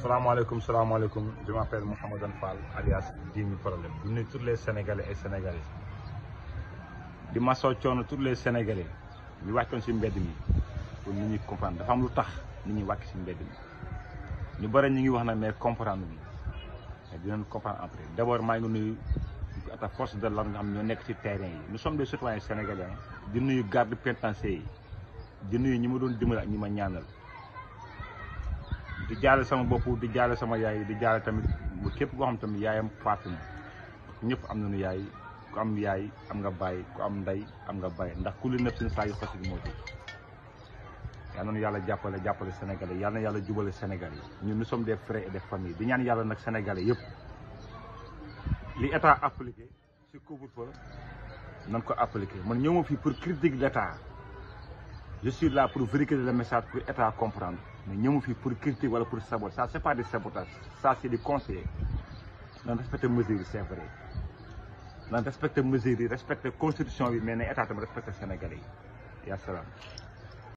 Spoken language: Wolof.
salaamaaleykum salaamaaleykum je m'appelle Mouhamadou Fall alias dix mille problèmes di nuyu tous les sénégalais et sénégalaises di masoo coono tous les sénégalais ñu wàccoon ci mbedd mi pour nit ñi comprendre dafa am lu tax nit ñi wàcc ci mbedd mi ñu bëri ñu ngi wax na mais comprendre bi di dinañ comprendre après d' maa ngi nuyu ata force de la nga xam ñoo nekk ci terrain yi nous sommes des citoyens sénégalais di nuyu garde pénitentiaire yi di nuyu ñi ma doon dimbali ak ñi ma ñaanal di jaale sama bopp di jaale sama yaay di jaale tamit képp koo xam tamit yaayam faatu na ñëpp am nañu yaay ku am yaay am nga bàyyi ku am ndey am nga bàyyi ndax ku li nepp seen saa yu xasit moo ci yaa noonu yàlla jàppale jàppale sénégalais yal na yàlla jubale sénégalais ñun nous sommes des frères et des familles di ñaan yàlla nag sénégalais yëpp li état appliqué si couvre-feu nan ko appliqué man ñëw ma fii pour critique d'état je suis là pour véhiculer le message pour état comprendre mais ñëmu fi pour critiquer wala pour saboter ça c'est pas du sabotage ça c'est du conseiller nan respecter mesures yi c'est vrai nan respecter mesures yi respecte constitution bi mais ne état tamit respecter sénégalais yi yaa salaam